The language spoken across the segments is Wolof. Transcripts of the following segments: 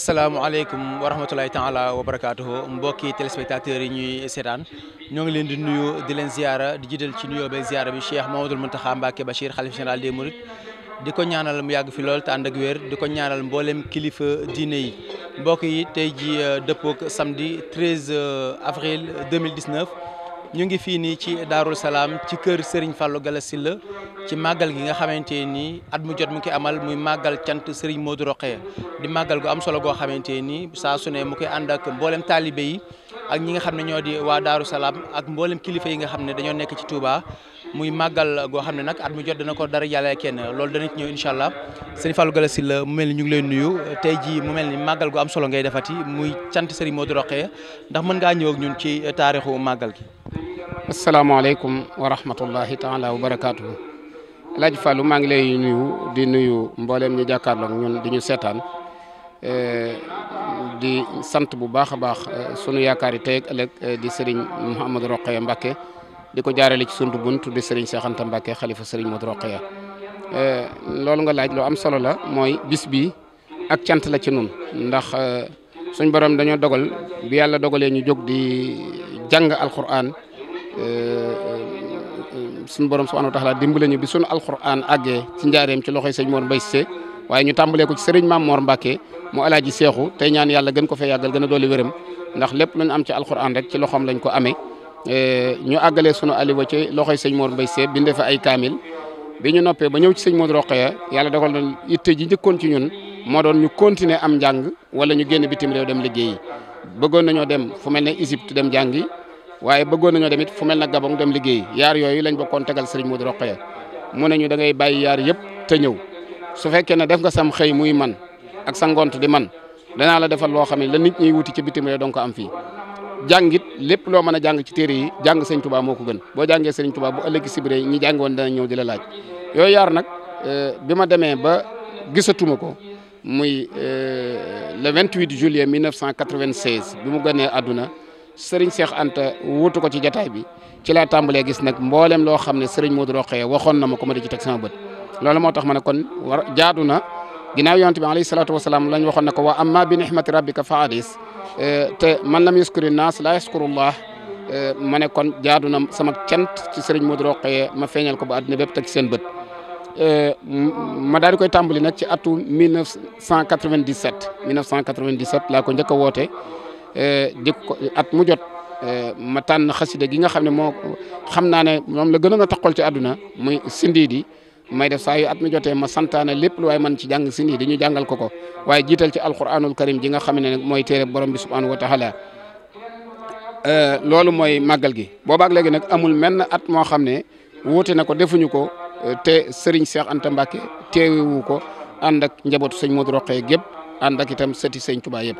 asalaamaaleykum wa rahmatulahi taala wa barakaatuhu mbokki téléspectateurs yi ñuy seetaan ñoo ngi leen di nuyu di leen ziara di jiital ci nuyoo beeg ziara bi Cheikh Mamadou Mountakha Mbacké Bachir xalif général des Mourides di ko ñaanal mu yàgg fi lool te ànd ak wér di ko ñaanal mboolem kilifa diine yi mbokk yi tey ji euh, dëppook samedi 13 euh, avril 2019 ñu ngi fii nii ci Daarul Salaam ci kër Serigne fallu Gala Sylla ci màggal gi nga xamante ni at mu jot mu koy amal muy màggal cant moo Modou Rokhaya di màggal gu am solo goo xamante ni saa su ne mu koy ànd ak mboolem taalibe yi ak ñi nga xam ne ñoo di waa Daaru Salaam ak mboolem kilifa yi nga xam ne dañoo nekk ci Touba. muy màggal goo xam ne nag at mu jot dana ko dara jàllee kenn loolu dana ñëw incha allah sëñ Fallou Galass Syll mu mel ni ñu ngi lay nuyu te jii mu mel ni màggal gu am solo ngay defati muy cant sëriñ Modou Rokhaya ndax mën ngaa ñëw ak ñun ci taarixu màggal gi. asalaamaaleykum wa rahmatullahi taala wa barakaatu. El Hadj Fallou maa ngi lay nuyu di nuyu mbooleem ñu jàkkaarloog ñun di ñu seetaan eh, di sant bu baax a baax eh, sunu yaakaar yi eh, di sëriñ Mouhamadou mbake di ko jaarale ci sunu bunt di seexanta Cheikh Anta Mbacke xalifa sëriñ Modou Rokhaya euh, loolu nga laaj lu am solo la mooy bis bi ak cant la ci nun ndax euh, suñ borom dañoo dogal bi yàlla dogalee ñu jóg di jàng alquran euh, suñ borom subhanahu wa taala dimbale ñu bi suñu alquran àggee ci njaareem ci loxoy sëñ Mor Mbaye Cissé waaye ñu tàmbalee sëriñ Maam Mor Mbacke mu alaaji seexu te ñaan yàlla gën ko fee yàggal gën a dooli wéram ndax lépp lu am ci alquran rek ci loxoom lañ ko amee. Eh, ñu àggalee sunu aliwa ci loxoy sëñ Mor Mbaye Sèye bindee fa ay kaamil bi ñu noppee ba ñëw ci sëñ Modou Rokhaya yàlla dogal na itte ji njëkkoon ci ñun moo doon ñu continuer am njàng wala ñu génn bitim réew dem liggéeyi bëggoon nañoo dem fu mel ne Égypte dem jàngi waaye bëggoon nañoo dem fu mel ne Gabon dem liggéeyi yaar yooyu lañ bokkoon tegal sëriñ Modou Rokhaya mu ne ñu da ngay bàyyi yaar yëpp te ñëw su fekkee ne def nga sam xëy muy man ak sa ngont di man danaa la defal loo xam ne la nit ñuy wuti ci bitim réew dong am fii jàngit lépp loo mën a jàng ci téere yi jàng sëñ Tuubaa moo ko gën boo jàngee sëñ Tuubaa bu ëllëg si biir ñi jàng dana ñëw di la laaj yooyu yaar nag euh, bi ma demee ba gisatuma ko muy euh, le 28 juillet 1996 bi mu gënee àdduna sëriñ Cheikh Anta wutu ko ci jataay bi ci laa tàmbalee gis nag mboolem loo xam ne sëriñ Modou Rokhaya waxoon na ma ko ma di ci teg sama bët loolu moo tax ma ne kon war ginnaaw yonent bi alayhi salaatu wasalaam lañ waxoon ne ko wa amma bi nihmati rabbika fa hadis e, te man lam yaskuri naas la yaskurullah e, ma ne kon jaadu na sama cant ci sëriñ Modou ma feeñal ko ba àddina bépp teg seen bët e, ma daal di koy tàmbali nag ci atu 1997 1997 laa ko njëkk a woote di ko at mu jot ma tànn xasida gi nga xam ne moo xam naa ne moom la gënoon a taxal ci àdduna muy sindi may def saa yu at mi jotee ma santaane lépp lu waaye man ci jàng si nii dañu jàngal ko ko waaye jiital ci alquranul karim ji nga xam ne nag mooy téere borom bi subhanahu wa taala euh, loolu mooy màggal gi boobaak léegi nag amul menn at moo xam ne wuute na ko defuñu ko euh, te Serigne Cheikh Anta Mbacke teewewu ko ànd ak njabootu sëñ Modou Rokhaya yëpp ànd ak itam sëti sëñ Touba yëpp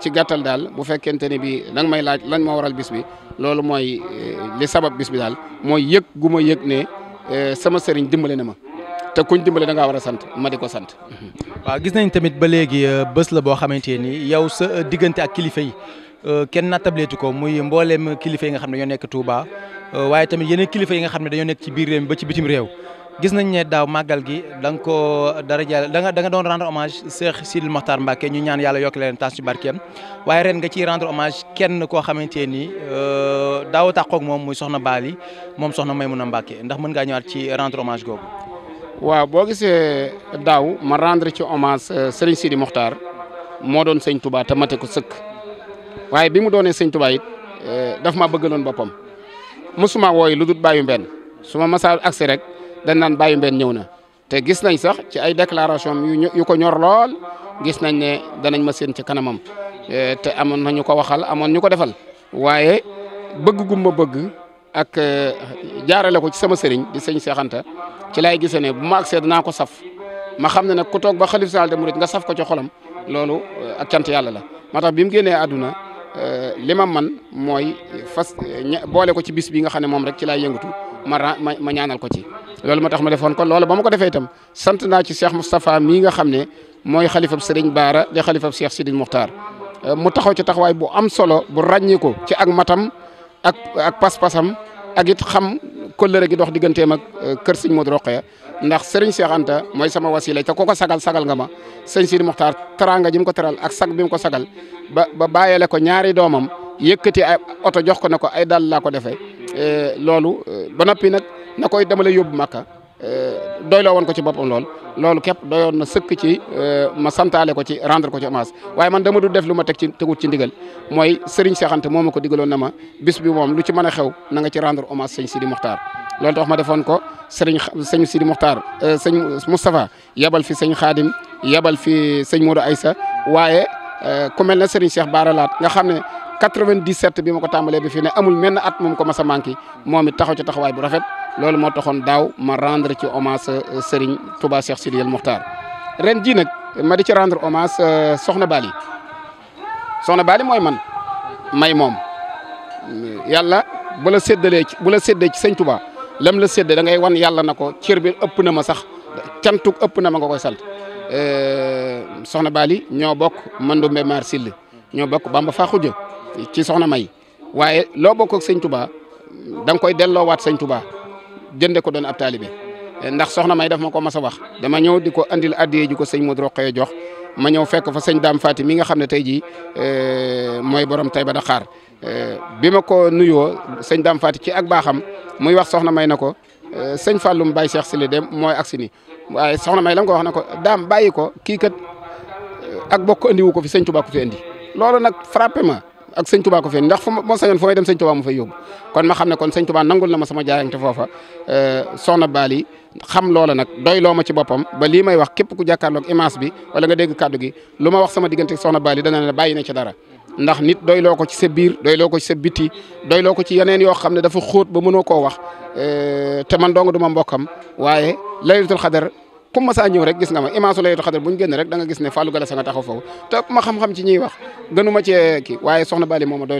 ci gàttal daal bu fekkente ne bi danga may laaj lan moo waral bis loolu mooy euh, li sabab bis bi daal mooy yëg gu ma yëg ne. Eh, sama sëriñ dimbale na ma te kuñ dimbale da ngaa war a sant ma di ko sant. waaw gis nañ tamit ba léegi eh, bés la boo xamante ni yow sa eh, diggante ak kilifa yi kenn nattableetu ko muy mboolem kilifa yi nga xam ne ñoo nekk Touba waaye tamit yeneen kilifa yi nga xam ne dañoo nekk ci biir réew ba ci bitim réew. gis nañ ne daaw màggal gi danga nga koo dara jàll da nga da nga doon rendre hommage Cheikh Sidil Mokhtar Mbacke ñu ñaan yàlla yokk leen taas ci barkeem waaye ren nga ciy rendre hommage kenn koo xamante ni euh, daaw tàqoog moom muy soxna Baali moom soxna Maymuna Mbacke ndax mën ngaa ñëwaat ci rendre hommage googu. waaw boo gisee daaw ma rendre ci hommage euh, Serigne Sidi Mokhtar moo doon sëñ Touba te ko sëkk waaye bi mu doonee sëñ Touba it euh, daf ma bëggaloon boppam mosuma wooy lu dul bàyyi benn su ma masaa agsi rek. dañ naan bàyyi mbenn ñëw na te gis nañ sax ci ay déclaration yu ko ñor lool gis nañ ne danañ ma seen ci kanamam eh, te amoon nañu ko waxal amoon ñu ko defal waaye bëgg gu ma bëgg ak eh, jaarale ko ci sama sëriñ di sëñ Cheikh ci laay gisee ne bu ma agsee danaa ko saf ma xam ne nag ku toog ba xalif général mu mourides nga saf ko ci xolam loolu eh, ak cant yàlla la moo tax bi mu génnee àdduna li ma man mooy fas boole ko ci bis bi nga xam ne moom rek ci laay yëngatu ma ma ñaanal ko ci loolu moo tax ma defoon ko loolu ba ma ko defee itam sant naa ci seex Moustapha mii nga xam ne mooy xalifab Serigne Baara di xalifab Cheikh Sidil Muxtaar euh, mu taxaw ci taxawaay bu am solo bu ràññiku ci ak matam ak ak pas-pasam ak it xam kóllëre gi dox digganteem ak euh, kër Sëñ Modou Rokhaya ndax Serigne Cheikh Anta mooy sama wasila te ko ko sagal sagal nga ma sëñ Sidil Muxtaar teraanga ji mu ko teral ak sag bi mu ko sagal ba ba bàyyele ko ñaari doomam yëkkati oto jox ko ne ko ay dal laa ko defee Eh, loolu eh, ba noppi nag na koy dama la yóbbu Makka eh, doyloo woon ko ci boppam lool loolu képp doyoon na sëkk ci ma santaale ko ci rendre ko ci hommage waaye man damadu du def lu ma teg ci tegut ci ndigal mooy Serigne Cheikh moom ma ko digaloon na ma bis bi moom lu ci mën a xew na nga ci rendre hommage sëñ Sidi Mokhtar. loolu tax ma defoon ko sëriñ sëñ Sidi Mokhtar sëñ Moustapha yebal fi sëñ Khadim yebal fi sëñ Modou Aïssa waaye ku mel ne Serigne Cheikh nga xam ne. 97 bi ma ko tàmbalee bi fii ne amul menn at moom ko mas a manqué moom it taxaw ci taxawaay bu rafet loolu moo taxoon daaw ma rendre ci hommage euh, Serigne Touba Cheikh Sidi El Mokhtar ren jii nag ma di ci rendre hommage euh, Soxna Bali Soxna Bali mooy man may moom yàlla bu la séddalee bu la séddee ci sëñ Touba lam la séddee da ngay wan yàlla na ko cër bi ëpp na ma sax cantuk ëpp na ma nga koy sant euh, soxna Bali ñoo bokk Mandoumbe Mar Sill ñoo bokk Bamba ci soxna May waaye loo bokk ak sëñ Touba da nga koy delloowaat sëñ Touba jënde ko doon ab taalibe ndax soxna May daf ma ko mas a wax dama ñëw di ko andil addiyee ji ko sëñ Modou Rokhaya jox ma ñëw fekk fa sëñ Dame Fati mi nga xam ne tey jii eh, mooy borom Taïba Dakar eh, bi ma ko nuyoo sëñ Dame Fati ci ak baaxam muy wax soxna May na ko eh, sëñ Falloum Baye si le dem mooy agsi ni waaye soxna May la ko wax na ko daam bàyyi ko kii kat ak bokk andiwu ko fi sëñ Touba ko fi andi loolu nag ak sëñ Tuubaa ko ndax fu ma sañoon fooy dem kon ma xam ne kon sëñ Tuubaa nangul na ma sama jaayante foofa euh, soxna Bali xam loola nag doy loo ma ci boppam ba lii may wax képp ku jàkkaarloog image bi wala nga dégg kaddu gi lu ma wax sama diggante soxna Bali dana ne bàyyi na ci dara ndax nit doy loo ko ci sa biir doy loo ko ci sa biti doy loo ko ci yeneen yoo xam ne dafa xoot ba mënoo koo wax euh, te man dong du ma mbokkam waaye laylatul xadar ku ma saa ñëw rek gis nga ma imaasu laytu xadar bu ñu génn rek da nga gis ne Fallou Gallas nga taxaw foofu te ma xam-xam ci ñuy wax gënu ma cee waaye soxna Bali mooma doy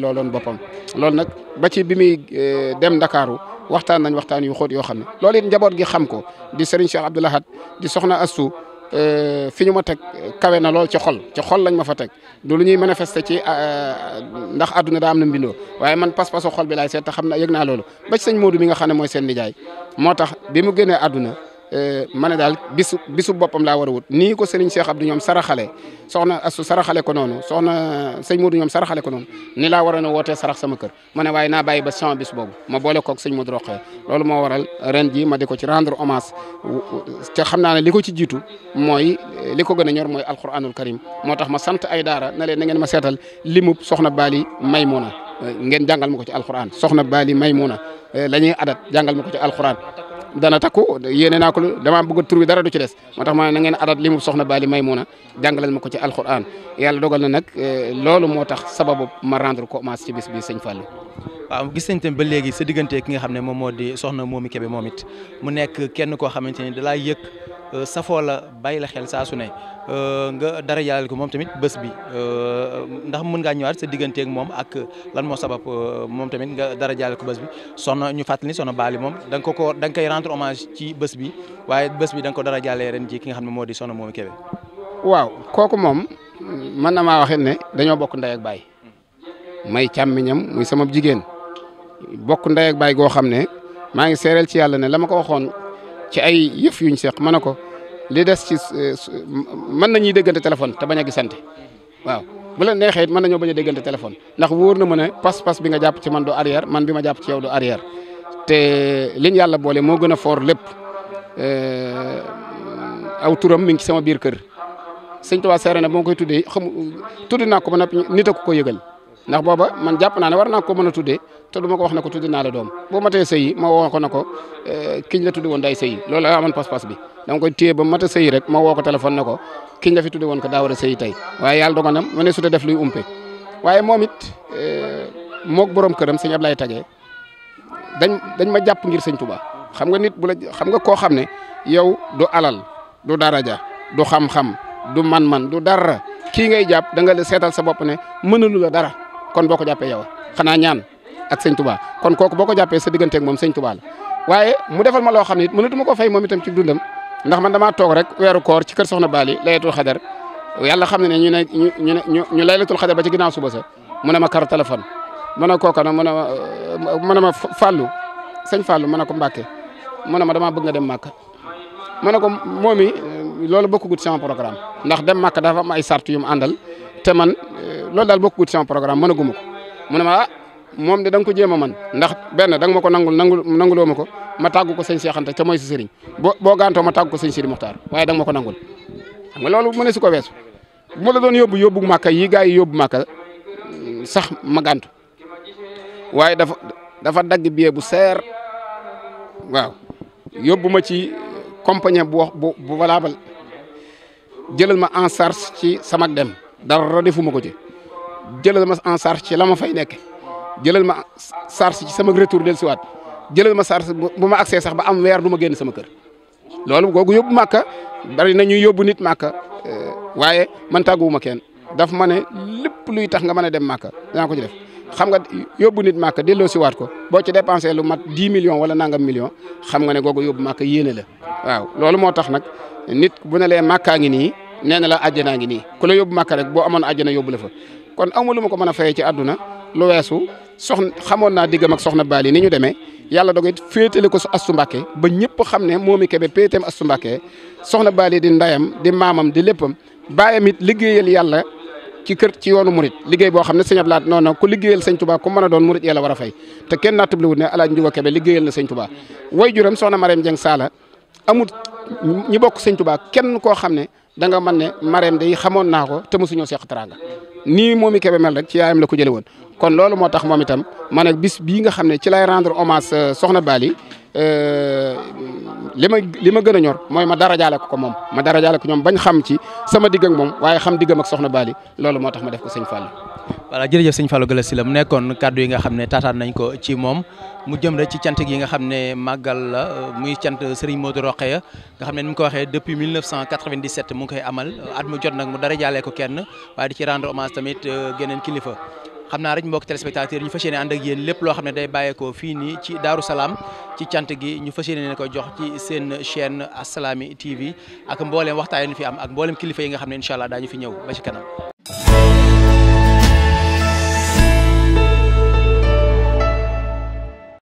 ba ci bi muy eh, dem Ndakaaru waxtaan nañ waxtaan yu xóot yoo xam ne loolu it njaboot gi xam ko di Serigne Cheikh Abdou Lahad di soxna Astou eh, fi ñu ma teg kawe na lool ci xol ci xol lañ ma fa teg du ñuy manifester ci eh, ndax àdduna daa am na mbindoo waaye man pas-pasu xol bi laay seet xam na yëg naa loolu ba ci nga xam ne mooy seen nijaay moo tax bi mu génnee àdduna Eh, ma ne daal bissu bisu boppam laa war a wut nii ko sëriñ Cheikh Abdou ñoom saraxale soxna asu saraxale ko noonu soxna sëñ Modou ñoom saraxale ko noonu ni laa waroon a wootee sarax sama kër ma ne waaye naa bàyyi ba sama bis boobu ma boole koog sëñ Modou Roqee loolu moo waral ren ji ma di ko ci rendre hommage te xam naa ne li ko ci jiitu mooy li ko gën a ñor mooy alquranul karim moo tax ma sant ay daara na leen na ngeen ma seetal limub soxna Bali Maymuna eh, ngeen jàngal ma ko ci alquran soxna Bali Maymuna eh, la ñuy adat jàngal ma ko ci alquran dana takku yéene naa ko damaa bëgg tur bi dara du ci des moo tax ma na ngeen adat li mu soxna Baali Maymuna jàngalal ma ko ci alquran yàlla dogal na nag eh, loolu moo tax sababu ma rendre commence ci bis bi sëñ Fallou waaw gis nañ ba léegi sa diggante ki nga xam ne moom moo di soxna Momy Kébé moom it mu nekk kenn koo xamante ni dalaa yëg Euh, safoo la bàyyi la xel saa su ne euh, nga dara yàllal ko moom tamit bés bi euh, ndax mën ngaa ñëwaat sa digganteeg moom ak lan moo sabab moom tamit nga dara yàllal ko bés bi soxna ñu fàttali ni soxna Bally moom da nga ko ko da nga ci bés bi waaye bés bi da ko dara jàllee ren ki nga xam ne moo di soxna Momy Kébé waaw kooku moom mën na maa waxit ne dañoo bokk ndey ak baay may càmmiñam muy sama jigéen bokk ndey ak baay goo xam ne maa ngi seereel ci yàlla ne la li des ci euh, mën nañuy déggante téléphone te bañ a gisante waaw bu la neexee it mën nañoo bañ a déggante téléphone ndax wóor na ma ne pas-pas bi nga jàpp ci man du arrière man bi ma jàpp ci yow du arrière te liñ yàlla boole moo gën a foor lépp euh, aw turam mi ngi ci sama biir kër sëñ waa seere na moo koy tuddee xam tudd naa ko ba noppi nit a ko ko yëgal. ndax booba man jàpp naa ne war naa ko mën a tuddee te du ma ko wax ne ko tuddi naa la doom bu matee sëyi ma woo ko ne ko eh, kiñ la tuddi woon day sëyi loolu amoon pas-pas bi danga koy téye ba mat a rek ma woo ko téléphone ne ko kiñ la fi tuddi woon ko a sëyi tey waaye yàlla dogal na ma ne su dee def luy umpe waaye moom it eh, moog borom këram sëñ Ablaye Tage dañ dañ ma jàpp ngir sëñ Touba xam nga nit bu la xam nga koo xam ne yow du alal du dara daraja du xam-xam du man-man du dara kii ngay jàpp da nga seetal sa bopp ne mënalu la dara kon boo ko jàppee yow xanaa ñaan ak sëñ Touba kon kooku boo ko jàppee sa digganteeg moom sëñ Touba la waaye mu defal ma loo xam ne it mënatuma ko fay moom itam ci dundam ndax man damaa toog rek weeru koor ci kër soxna Bali layatul xadar xam ne ne ñu ne ñu ñu ñu laylatul xadar ba ci ginnaaw suba sa mu ne ma kar téléphone mu ne kooka nag mu ne ma mu ne ma fàllu sëñ fàllu mu ne ko Mbàkke mu ne ma damaa bëgg nga dem Màkka mu ne ko moom i loolu bokkugut sama programme ndax dem Màkka dafa am ay sart yu mu àndal te man loolu daal bokkut sama programme mënaguma ko mu ne ma ah moom de da ko jéem a man ndax benn da nga ma ko nangul nangul nanguloo ma ko ma tàggu ko sëñ Cheikh Anta ca mooy si sëriñ boo boo gàntoo ma tàggu ko sëñ Sidi Muxtaar waaye da nga ma ko nangul xam nga loolu mu ne su ko weesu bu ma la doon yóbbu yóbbu màkka yi gars yóbbu màkka mm, sax ma gàntu waaye dafa dafa dagg billet bu seer waaw yóbbu ma ci compagnie bu wax bu valable jëlal ma en charge ci sama dem dara defuma ko ci jëlal ma en charge ci la ma fay nekk jëlal ma charge ci sama retour del siwaat jëlal ma charge bu ma accès sax ba am weer du ma génn sama kër loolu googu yóbbu màkka bari na ñuy yóbbu nit màkka euh, waaye man tag tàgguwuma kenn daf ma ne lépp luy tax nga mën a dem màkka danaa ko ci def xam nga yóbbu nit màkka delloo si ko boo ci dépensé lu mat dix millions wala nangam million xam nga ne googu yóbbu màkka yéene la waaw loolu moo tax nag nit bu ne lee màkkaa ngi nii nee na la àjjanaa ngi nii ku la yóbbu rek boo amoon àjjana yóbbu la fa kon aw lu ma ko mën a fayee ci àdduna lu weesu soxna xamoon naa diggam ak soxna Bali ni ñu demee yàlla doog it féetale ko su Astu Mbàkke ba ñëpp xam ne moomi Kebe péeteem Astu Mbàkke soxna Bali di ndayam di maamam di léppam baayam it liggéeyal yàlla ci kër ci yoonu murit liggéey boo xam ne sëñ Ablaat noonu ku liggéeyal sëñ Tuubaa ko mën a doon murit yàlla war a fay te kenn nattabliwut ne alaaj Njuga Kebe liggéeyal na sëñ Tuubaa way juram soxna Mariam Jeng saa amul ñi bokk sëñ Tuubaa kenn koo xam ne da nga ne Mariam day xamoon naa ko te mosuñoo seq teraanga nii moom i Kébé mel rek ci yaayam la ko jëlee woon kon loolu moo tax moom itam ma bis bii nga xam ne ci lay rendre hommage euh, soxna Bali euh, li ma li ma gën a ñor mooy ma dara jaale ko ko moom ma dara jaale ko ñoom bañ xam ci sama digg moom waaye xam diggam ak soxna baali loolu moo tax ma def ko sëñ Fall. voilà jërëjëf sëñ falo Galass mu nekkoon kàddu yi nga xam ne taataan nañ ko ci moom mu jëm rek ci cant gi nga xam ne màggal la muy cant Serigne Modou Rokhaya nga xam ne ni mu ko waxee depuis 1997 mu ngi koy amal at mu jot nag mu dara jaalee ko kenn waaye di ci rendre hommage tamit euh, geneen kilifa. xam naa rek mbokk téléspectateur ñu fas yéene ànd ak yéen lépp loo xam ne day bàyyeekoo fii nii ci Daaru Salaam ci cant gi ñu fas yéene ne ko jox ci seen chaîne Assalaamy TV ak mboolem waxtaan yi ñu fi am ak kilifa yi nga xam ne incha allah daañu fi ñëw ba ci